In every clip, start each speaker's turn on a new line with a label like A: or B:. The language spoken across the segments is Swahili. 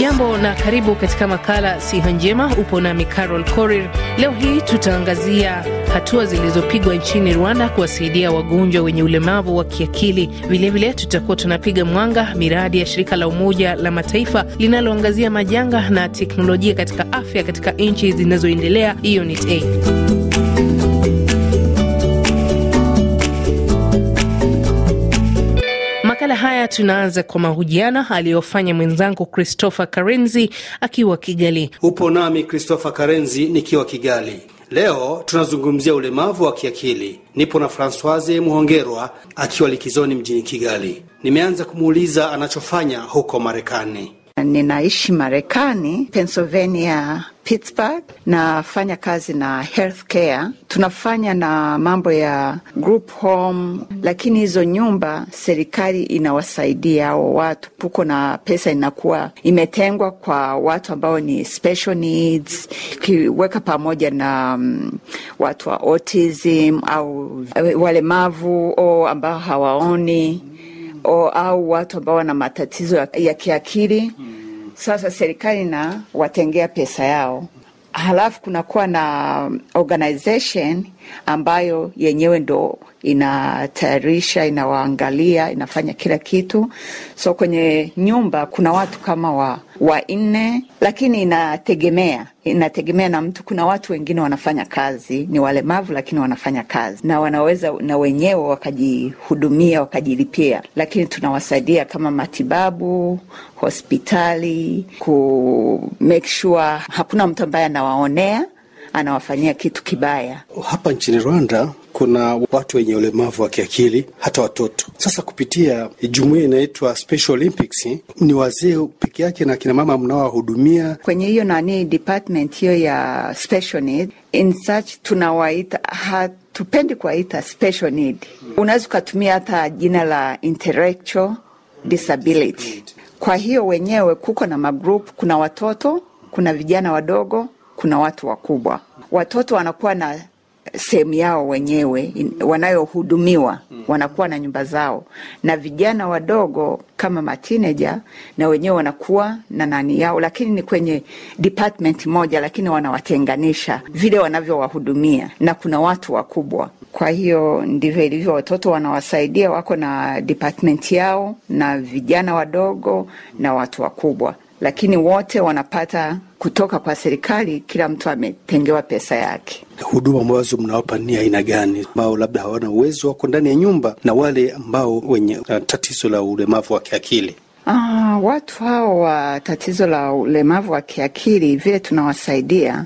A: Hujambo na karibu katika makala siha njema. Upo nami Carol Korir. Leo hii tutaangazia hatua zilizopigwa nchini Rwanda kuwasaidia wagonjwa wenye ulemavu wa kiakili. Vilevile tutakuwa tunapiga mwanga miradi ya shirika la Umoja la Mataifa linaloangazia majanga na teknolojia katika afya katika nchi zinazoendelea, hiyo haya tunaanza kwa mahojiano aliyofanya mwenzangu Christopher Karenzi akiwa Kigali. Upo
B: nami Christopher Karenzi nikiwa Kigali. Leo tunazungumzia ulemavu wa kiakili. Nipo na Francoise Muhongerwa akiwa likizoni mjini Kigali. Nimeanza kumuuliza anachofanya huko Marekani.
C: Ninaishi Marekani, Pennsylvania, Pittsburgh. Nafanya kazi na healthcare, tunafanya na mambo ya group home, lakini hizo nyumba serikali inawasaidia hao watu. Puko na pesa inakuwa imetengwa kwa watu ambao ni special needs, ukiweka pamoja na um, watu wa autism au walemavu o ambao hawaoni o, au watu ambao wana matatizo ya kiakili mm. Sasa serikali na watengea pesa yao, halafu kunakuwa na organization ambayo yenyewe ndo inatayarisha, inawaangalia, inafanya kila kitu. So kwenye nyumba kuna watu kama wa wanne, lakini inategemea inategemea na mtu. Kuna watu wengine wanafanya kazi, ni walemavu lakini wanafanya kazi na wanaweza na wenyewe wakajihudumia wakajilipia, lakini tunawasaidia kama matibabu, hospitali, ku make sure hakuna mtu ambaye anawaonea anawafanyia kitu kibaya.
B: Hapa nchini Rwanda kuna watu wenye ulemavu wa kiakili, hata watoto. Sasa kupitia jumuia inaitwa Special Olympics, ni wazee peke yake na akina mama mnaowahudumia
C: kwenye hiyo nani department hiyo ya special need. In such tunawaita hatupendi kuwaita special need, unaweza ukatumia hata jina la intellectual disability. Kwa hiyo wenyewe kuko na magrupu, kuna watoto, kuna vijana wadogo, kuna watu wakubwa. Watoto wanakuwa na sehemu yao wenyewe wanayohudumiwa hmm. wanakuwa na nyumba zao, na vijana wadogo kama matineja na wenyewe wanakuwa na nani yao, lakini ni kwenye department moja, lakini wanawatenganisha vile wanavyowahudumia, na kuna watu wakubwa. Kwa hiyo ndivyo ilivyo, watoto wanawasaidia, wako na department yao, na vijana wadogo na watu wakubwa lakini wote wanapata kutoka kwa serikali, kila mtu ametengewa pesa yake.
B: Huduma ambazo mnawapa ni aina gani, ambao labda hawana uwezo, wako ndani ya nyumba, na wale ambao wenye uh, tatizo la ulemavu wa kiakili?
C: Ah, watu hao wa tatizo la ulemavu wa kiakili vile tunawasaidia,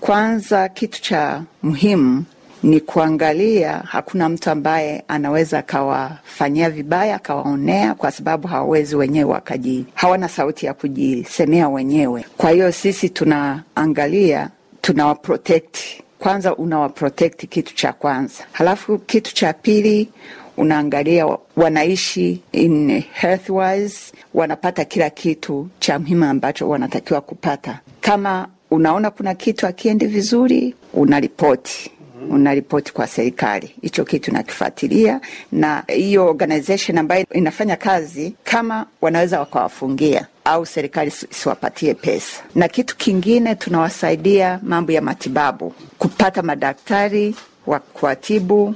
C: kwanza kitu cha muhimu ni kuangalia hakuna mtu ambaye anaweza akawafanyia vibaya akawaonea, kwa sababu hawawezi wenyewe wakaji, hawana sauti ya kujisemea wenyewe. Kwa hiyo sisi tunaangalia, tunawaprotekti kwanza, unawaprotect kitu cha kwanza, halafu kitu cha pili unaangalia wanaishi in health wise, wanapata kila kitu cha muhimu ambacho wanatakiwa kupata. Kama unaona kuna kitu akiendi vizuri, unaripoti unaripoti kwa serikali. Hicho kitu nakifuatilia, na hiyo organization ambayo inafanya kazi, kama wanaweza wakawafungia au serikali siwapatie pesa. Na kitu kingine tunawasaidia mambo ya matibabu, kupata madaktari wa kuwatibu,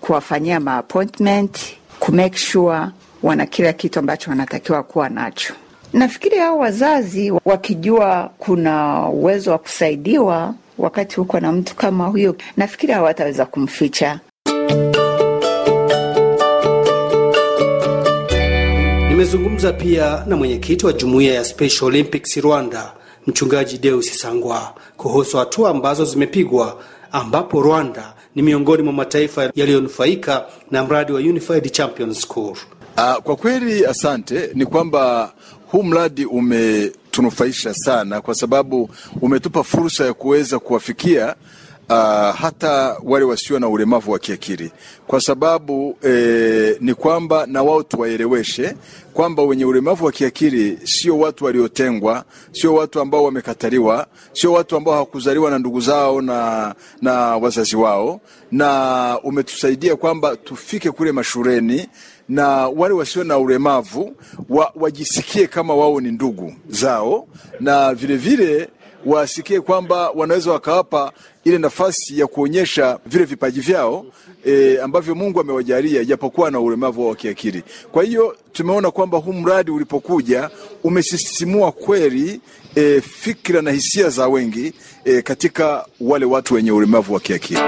C: kuwafanyia maappointment, kumake sure wana kila kitu ambacho wanatakiwa kuwa nacho. Nafikiri hao wazazi wakijua kuna uwezo wa kusaidiwa wakati uko na mtu kama huyo, nafikiri hawataweza kumficha.
B: Nimezungumza pia na mwenyekiti wa jumuiya ya Special Olympics Rwanda, mchungaji Deus Sangwa kuhusu hatua ambazo zimepigwa, ambapo Rwanda ni miongoni mwa mataifa yaliyonufaika na mradi wa Unified Champions School. Uh, kwa kweli asante.
D: Ni kwamba huu mradi ume umetunufaisha sana, kwa sababu umetupa fursa ya kuweza kuwafikia Uh, hata wale wasio na ulemavu wa kiakili kwa sababu eh, ni kwamba na wao tuwaeleweshe kwamba wenye ulemavu wa kiakili sio watu waliotengwa, sio watu ambao wamekataliwa, sio watu ambao hawakuzaliwa na ndugu zao na, na wazazi wao, na umetusaidia kwamba tufike kule mashuleni na wale wasio na ulemavu wa, wajisikie kama wao ni ndugu zao na vilevile vile, wasikie kwamba wanaweza wakawapa ile nafasi ya kuonyesha vile vipaji vyao e, ambavyo Mungu amewajalia japokuwa na ulemavu wa kiakili. Kwa hiyo tumeona kwamba huu mradi ulipokuja umesisimua kweli e, fikra na hisia za wengi
B: e, katika wale watu wenye ulemavu wa kiakili.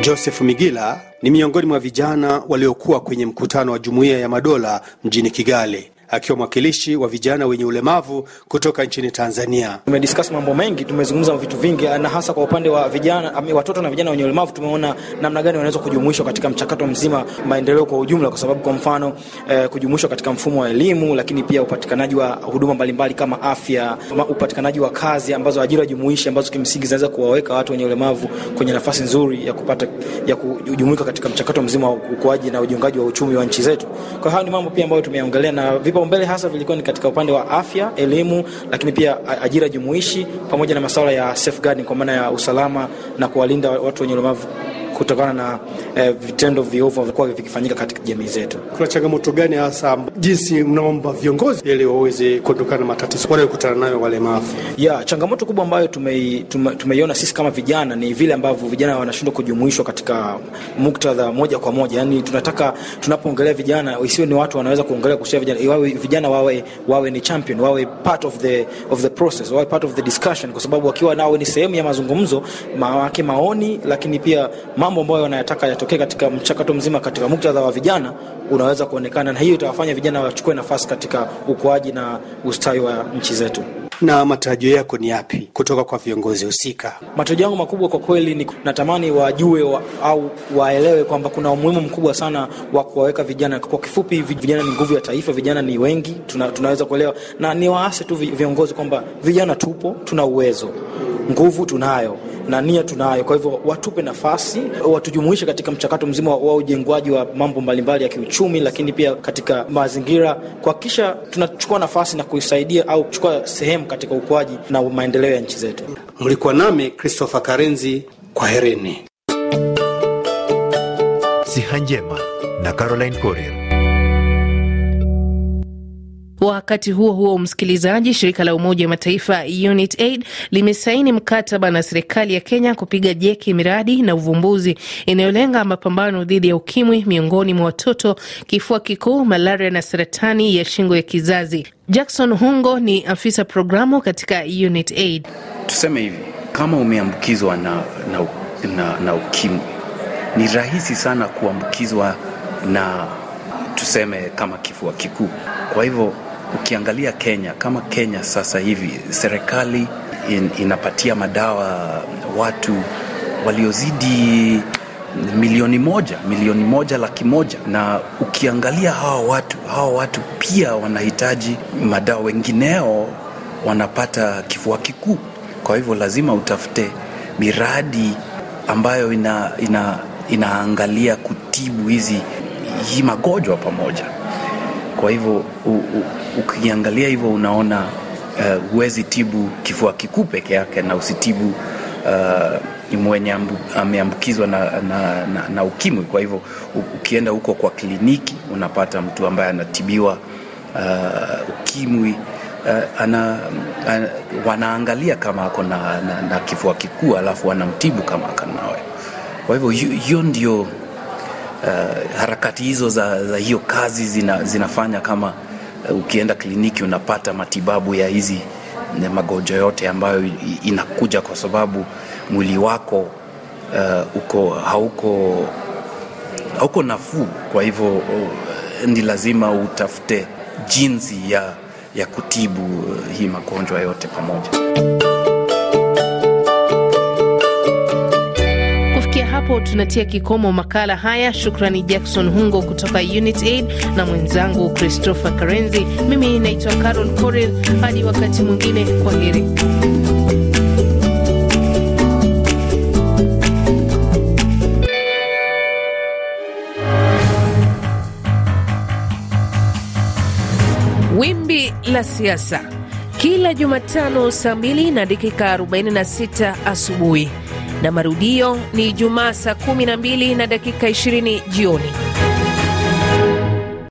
B: Joseph Migila ni miongoni mwa vijana waliokuwa kwenye mkutano wa Jumuiya ya Madola mjini Kigali akiwa mwakilishi wa vijana wenye ulemavu kutoka nchini Tanzania. Tumediscuss mambo mengi, tumezungumza vitu vingi, na hasa kwa
E: upande wa vijana, watoto na vijana wenye ulemavu, tumeona namna gani wanaweza kujumuishwa katika mchakato mzima maendeleo kwa ujumla, kwa sababu kwa mfano eh, kujumuishwa katika mfumo wa elimu, lakini pia upatikanaji wa huduma mbalimbali kama afya, upatikanaji wa kazi ambazo ajira jumuishi ambazo kimsingi zinaweza kuwaweka watu wenye ulemavu kwenye nafasi nzuri ya kupata ya kujumuika katika mchakato mzima wa ukuaji na ujengaji wa uchumi wa nchi zetu. Kwa hayo ni mambo pia ambayo tumeongelea na vipi vipaumbele hasa vilikuwa ni katika upande wa afya, elimu, lakini pia ajira jumuishi pamoja na masuala ya safeguarding kwa maana ya usalama na kuwalinda watu wenye ulemavu kutokana na e, vitendo viovu vilikuwa vikifanyika
B: katika jamii zetu. Kuna changamoto gani hasa, jinsi mnaomba viongozi ili waweze kuondokana na matatizo wanayokutana nayo wale walemavu? Yeah, changamoto kubwa ambayo tumeiona tume, tume sisi kama
E: vijana ni vile ambavyo vijana wanashindwa kujumuishwa katika muktadha moja kwa moja. Yani tunataka tunapoongelea vijana isiwe ni watu wanaweza kuongelea kuhusu vijana, iwawe vijana wawe wawe ni champion, wawe part of the of the process, wawe part of the discussion, kwa sababu wakiwa nao ni sehemu ya mazungumzo mawake maoni, lakini pia ma mambo ambayo wanayataka yatokee katika mchakato mzima katika muktadha wa vijana unaweza kuonekana, na hiyo itawafanya vijana wachukue nafasi katika ukuaji na ustawi wa nchi zetu. Na matarajio yako ni yapi kutoka kwa viongozi husika? Matarajio yangu makubwa kwa kweli ni natamani wajue wa, au waelewe kwamba kuna umuhimu mkubwa sana wa kuwaweka vijana. Kwa kifupi, vijana ni nguvu ya taifa, vijana ni wengi, tuna, tunaweza kuelewa na ni waase tu viongozi kwamba vijana tupo, tuna uwezo nguvu tunayo na nia tunayo. Kwa hivyo watupe nafasi, watujumuishe katika mchakato mzima wa ujengwaji wa mambo mbalimbali ya kiuchumi, lakini pia katika mazingira, kuhakikisha tunachukua nafasi na kuisaidia au kuchukua sehemu katika ukuaji na maendeleo ya nchi zetu. Mlikuwa nami Christopher
B: Karenzi, kwaherini. Siha njema na Caroline Corrier.
A: Wakati huo huo, msikilizaji, shirika la Umoja wa Mataifa UNITAID limesaini mkataba na serikali ya Kenya kupiga jeki miradi na uvumbuzi inayolenga mapambano dhidi ya ukimwi miongoni mwa watoto, kifua kikuu, malaria na saratani ya shingo ya kizazi. Jackson Hungo ni afisa programu katika UNITAID.
D: Tuseme hivi, kama umeambukizwa na, na, na, na ukimwi ni rahisi sana kuambukizwa na tuseme kama kifua kikuu. Kwa hivyo Ukiangalia Kenya kama Kenya sasa hivi serikali in, inapatia madawa watu waliozidi milioni moja milioni moja laki moja na ukiangalia hawa watu hawa watu pia wanahitaji madawa, wengineo wanapata kifua kikuu. Kwa hivyo lazima utafute miradi ambayo ina, ina, inaangalia kutibu hizi hii magonjwa pamoja. Kwa hivyo ukiangalia hivyo unaona eh, huwezi tibu kifua kikuu peke yake na usitibu uh, mwenye ameambukizwa na, na, na, na ukimwi. Kwa hivyo ukienda huko kwa kliniki unapata mtu ambaye anatibiwa uh, ukimwi uh, ana, ana, wanaangalia kama ako na, na, na kifua kikuu alafu wanamtibu kama ako Kwa hivyo hiyo ndio uh, harakati hizo za, za hiyo kazi zina, zinafanya kama uh, ukienda kliniki unapata matibabu ya hizi magonjwa yote ambayo inakuja kwa sababu mwili wako uh, uko hauko hauko nafuu. Kwa hivyo uh, ni lazima utafute jinsi ya, ya kutibu hii magonjwa yote pamoja.
A: tunatia kikomo makala haya. Shukrani Jackson Hungo kutoka unit aid na mwenzangu Christopher Karenzi. Mimi naitwa Carol Corel. Hadi wakati mwingine, kwa heri. Wimbi la siasa kila Jumatano saa 2 na dakika 46 asubuhi na marudio ni Ijumaa saa 12 na dakika 20 jioni.